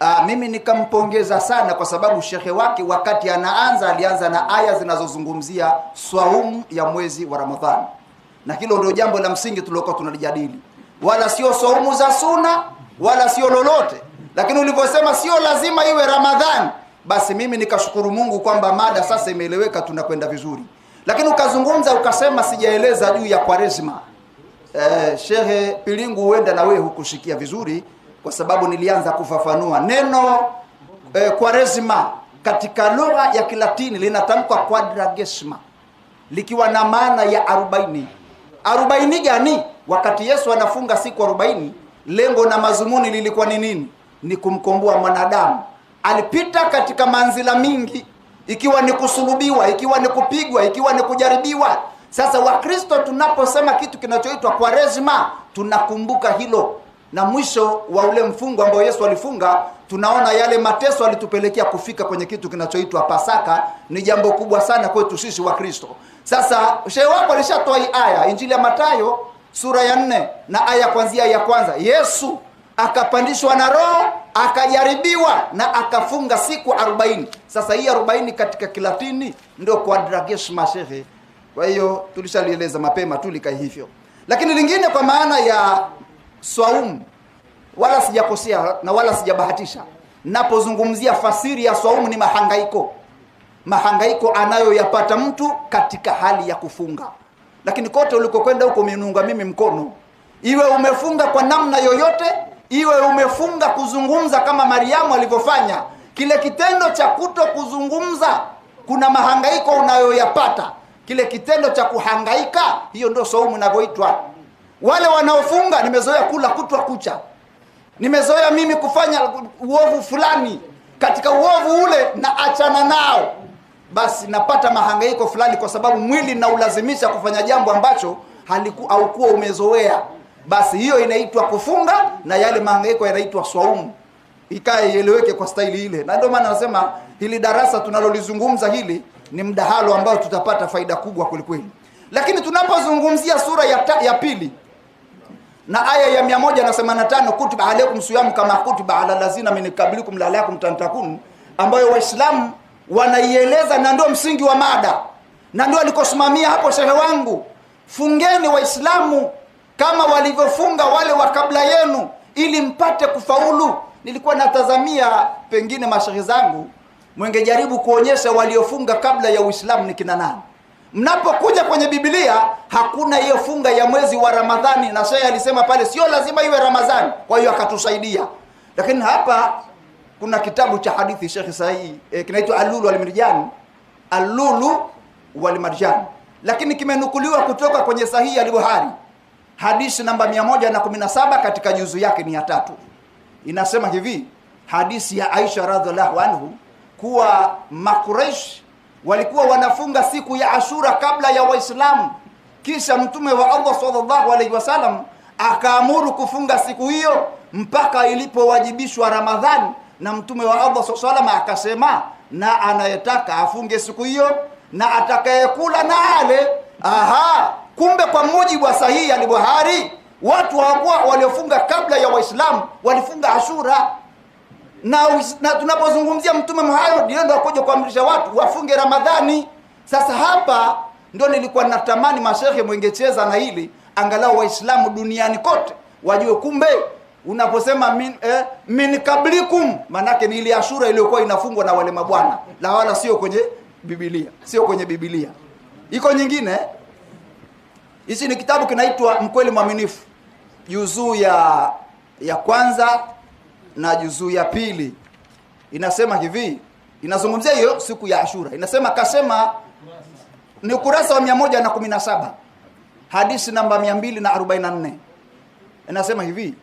Aa, ah, mimi nikampongeza sana kwa sababu shekhe wake wakati anaanza alianza na aya zinazozungumzia swaumu ya mwezi wa Ramadhani, na hilo ndio jambo la msingi tuliokuwa tunalijadili, wala sio swaumu za suna wala sio lolote. Lakini ulivyosema sio lazima iwe Ramadhani, basi mimi nikashukuru Mungu kwamba mada sasa imeeleweka, tunakwenda vizuri. Lakini ukazungumza ukasema sijaeleza juu ya Kwaresma. Eh, Shehe Pilingu, huenda na wewe hukushikia vizuri kwa sababu nilianza kufafanua neno eh, Kwaresma katika lugha ya Kilatini linatamkwa quadragesima likiwa na maana ya arobaini. Arobaini gani? Wakati Yesu anafunga siku arobaini, lengo na mazumuni lilikuwa ni nini? Ni kumkomboa mwanadamu. Alipita katika manzila mingi, ikiwa ni kusulubiwa, ikiwa ni kupigwa, ikiwa ni kujaribiwa. Sasa Wakristo tunaposema kitu kinachoitwa Kwaresma tunakumbuka hilo na mwisho wa ule mfungo ambao Yesu alifunga, tunaona yale mateso alitupelekea kufika kwenye kitu kinachoitwa Pasaka. Ni jambo kubwa sana kwetu sisi wa Kristo. Sasa shehe wako alishatoa hii aya, Injili ya matayo sura ya nne na aya kwanzia ya kwanza. Yesu akapandishwa na Roho, akajaribiwa na akafunga siku arobaini. Sasa hii arobaini katika Kilatini ndio quadragesima, shehe. Kwa hiyo tulishalieleza mapema tu likai hivyo, lakini lingine kwa maana ya swaum wala sijakosea na wala sijabahatisha napozungumzia fasiri ya swaumu ni mahangaiko, mahangaiko anayoyapata mtu katika hali ya kufunga. Lakini kote ulikokwenda huko umenunga mimi mkono, iwe umefunga kwa namna yoyote, iwe umefunga kuzungumza kama Mariamu alivyofanya. Kile kitendo cha kuto kuzungumza, kuna mahangaiko unayoyapata. Kile kitendo cha kuhangaika, hiyo ndio swaumu inavyoitwa. Wale wanaofunga nimezoea kula kutwa kucha, nimezoea mimi kufanya uovu fulani, katika uovu ule na achana nao, basi napata mahangaiko fulani, kwa sababu mwili naulazimisha kufanya jambo ambacho haliku haukuwa umezoea. Basi hiyo inaitwa kufunga, na yale mahangaiko yanaitwa swaumu. Ikae ieleweke kwa staili ile, na ndio maana nasema hili darasa tunalolizungumza hili ni mdahalo ambao tutapata faida kubwa kwelikweli. Lakini tunapozungumzia sura ya, ta, ya pili na aya ya 185 kutiba alaikum siyam kama kutiba ala lazina min qablikum la'allakum tantakun, ambayo Waislamu wanaieleza na ndio msingi wa mada na ndio alikosimamia hapo shehe wangu. Fungeni Waislamu kama walivyofunga wale wa kabla yenu ili mpate kufaulu. Nilikuwa natazamia pengine mashehe zangu mwengejaribu kuonyesha waliofunga kabla ya Uislamu ni kina nani mnapokuja kwenye Biblia hakuna hiyo funga ya mwezi wa Ramadhani, na shehe alisema pale sio lazima iwe Ramadhani. Kwa hiyo akatusaidia, lakini hapa kuna kitabu cha hadithi Sheikh sahihi eh, kinaitwa Alulu Walmarjan, Alulu Walmarjan, lakini kimenukuliwa kutoka kwenye sahihi ya buhari hadithi namba 117 katika juzu yake ni ya tatu, inasema hivi hadithi ya Aisha radhiallahu anhu kuwa Makuraish walikuwa wanafunga siku ya Ashura kabla ya Waislamu. Kisha mtume wa Allah sallallahu alaihi wasallam akaamuru kufunga siku hiyo mpaka ilipowajibishwa Ramadhani, na mtume wa Allah sallallahu alaihi wasallam akasema, na anayetaka afunge siku hiyo na atakayekula na ale. Aha, kumbe kwa mujibu wa sahihi ya bukhari watu hawakuwa waliofunga kabla ya Waislamu walifunga Ashura na, na tunapozungumzia Mtume Muhammad ndo akuja kuamrisha watu wafunge Ramadhani. Sasa hapa ndo nilikuwa natamani mashehe mwengecheza na hili angalau Waislamu duniani kote wajue, kumbe unaposema min, eh, min kablikum manake ni ile Ashura iliyokuwa inafungwa na wale mabwana, la wala sio kwenye Biblia, sio kwenye Biblia. Iko nyingine, hichi ni kitabu kinaitwa Mkweli Mwaminifu, juzuu ya ya kwanza na juzuu ya pili inasema hivi inazungumzia hiyo siku ya Ashura inasema kasema ni ukurasa wa 117 hadithi namba 244 na inasema hivi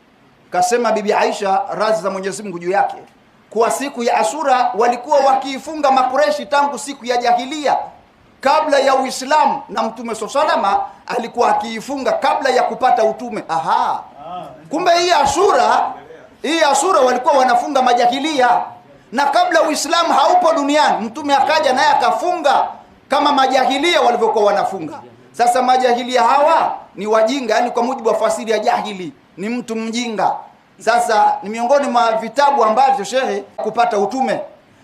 kasema bibi Aisha radhi za Mwenyezi Mungu juu yake kuwa siku ya Ashura walikuwa wakiifunga makureshi tangu siku ya jahilia kabla ya Uislamu na Mtume salama alikuwa akiifunga kabla ya kupata utume. Aha, ah. kumbe hii Ashura hii asura walikuwa wanafunga majahilia, na kabla Uislamu haupo duniani mtume akaja naye akafunga kama majahilia walivyokuwa wanafunga. Sasa majahilia hawa ni wajinga, yani kwa mujibu wa fasiri ya jahili ni mtu mjinga. Sasa ni miongoni mwa vitabu ambavyo shehe kupata utume,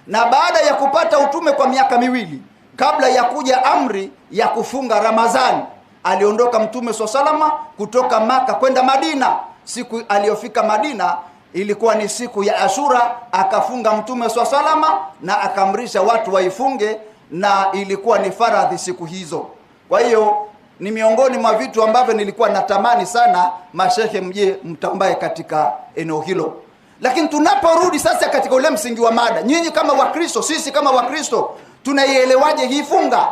na baada ya kupata utume kwa miaka miwili kabla ya kuja amri ya kufunga Ramadhani, aliondoka mtume swalla salama kutoka Maka kwenda Madina. Siku aliyofika Madina ilikuwa ni siku ya Ashura, akafunga Mtume swa salama na akamrisha watu waifunge, na ilikuwa ni faradhi siku hizo. Kwa hiyo ni miongoni mwa vitu ambavyo nilikuwa natamani sana mashehe mje mtambaye katika eneo hilo. Lakini tunaporudi sasa katika ule msingi wa mada, nyinyi kama Wakristo, sisi kama Wakristo tunaielewaje hii funga?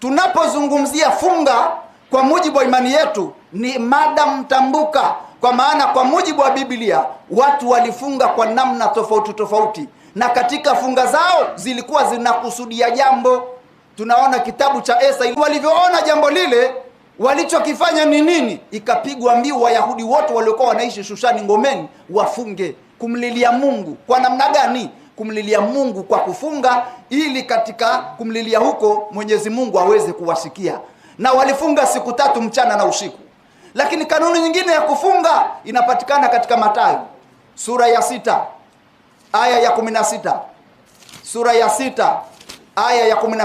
Tunapozungumzia funga kwa mujibu wa imani yetu ni mada mtambuka kwa maana kwa mujibu wa biblia watu walifunga kwa namna tofauti tofauti na katika funga zao zilikuwa zinakusudia jambo tunaona kitabu cha esa walivyoona jambo lile walichokifanya ni nini ikapigwa mbiu wayahudi wote waliokuwa wanaishi shushani ngomeni wafunge kumlilia mungu kwa namna gani kumlilia mungu kwa kufunga ili katika kumlilia huko mwenyezi mungu aweze kuwasikia na walifunga siku tatu mchana na usiku lakini kanuni nyingine ya kufunga inapatikana katika matayo sura ya sita aya ya sita sura ya sita aya ya kumi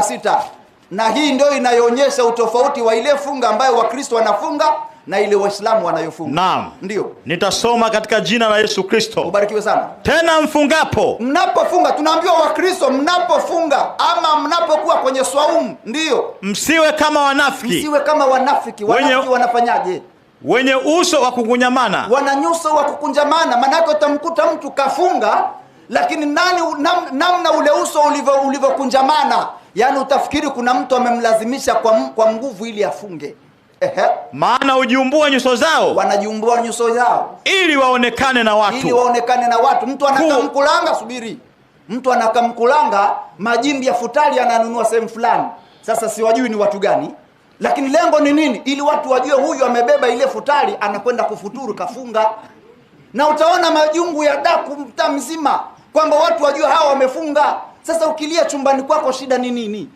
na hii ndio inayoonyesha utofauti wa ile funga ambayo Wakristo wanafunga na ile Waislamu wanayofunga. Ndio. Nitasoma katika jina la Yesu Kristo. Ubarikiwe sana. Tena mfungapo. Mnapofunga tunaambiwa Wakristo mnapofunga ama mnapokuwa kwenye swaumu, ndio. Msiwe kama wanafiki. Msiwe kama wanafiki. Wanafiki wanafanyaje? wenye uso wa kukunyamana, wana nyuso wa kukunjamana. Maanake utamkuta mtu kafunga, lakini nani nam, namna ule uso ulivyokunjamana, yaani utafikiri kuna mtu amemlazimisha kwa, kwa nguvu ili afunge. Ehe. Maana hujiumbua nyuso zao, wanajiumbua nyuso zao ili waonekane na watu, ili waonekane na watu. Mtu anakamkulanga, subiri, mtu anakamkulanga majimbi ya futari ananunua sehemu fulani. Sasa siwajui ni watu gani lakini lengo ni nini? Ili watu wajue huyu amebeba ile futari, anakwenda kufuturu, kafunga. Na utaona majungu ya daku mta mzima, kwamba watu wajue hawa wamefunga. Sasa ukilia chumbani kwako, shida ni nini?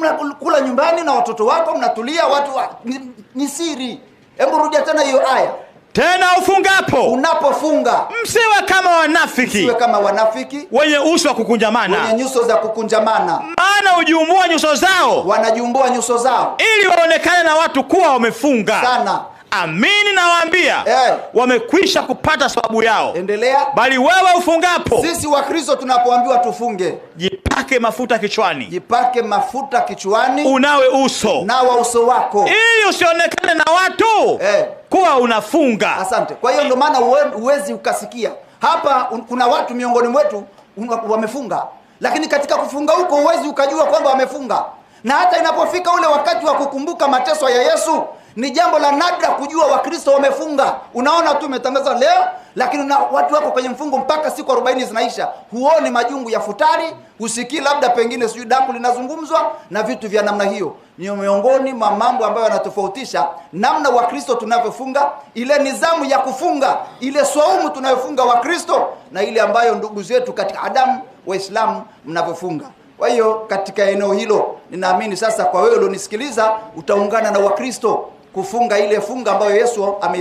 Mnakula nyumbani na watoto wako, mnatulia, watu wa, ni, ni siri. Hebu rudia tena hiyo aya tena ufungapo, unapofunga msiwe kama wanafiki, msiwe kama wanafiki wenye uso wa kukunjamana, wenye nyuso za kukunjamana, maana hujiumbua nyuso zao, wanajiumbua nyuso zao ili waonekane na watu kuwa wamefunga sana Amini nawaambia yeah, wamekwisha kupata sababu yao. Endelea. Bali wewe ufungapo, sisi Wakristo tunapoambiwa tufunge, jipake mafuta kichwani, jipake mafuta kichwani, unawe uso, nawa uso wako, ili usionekane na watu yeah, kuwa unafunga. Asante. Kwa hiyo ndio maana huwezi ukasikia hapa un, kuna watu miongoni mwetu un, wamefunga, lakini katika kufunga huko huwezi ukajua kwamba wamefunga, na hata inapofika ule wakati wa kukumbuka mateso ya Yesu ni jambo la nadra kujua wakristo wamefunga unaona tu umetangaza leo lakini na watu wako kwenye mfungo mpaka siku arobaini zinaisha huoni majungu ya futari husikii labda pengine sijui damu linazungumzwa na vitu vya namna hiyo ni miongoni mwa mambo ambayo yanatofautisha namna wakristo tunavyofunga ile nizamu ya kufunga ile swaumu tunayofunga wakristo na ile ambayo ndugu zetu katika adamu waislamu mnavyofunga kwa hiyo katika eneo hilo ninaamini sasa kwa wewe ulionisikiliza utaungana na wakristo kufunga ile funga ambayo Yesu ameizungumza.